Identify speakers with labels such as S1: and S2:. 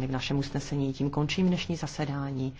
S1: v našem usnesení. Tím končím dnešní zasedání.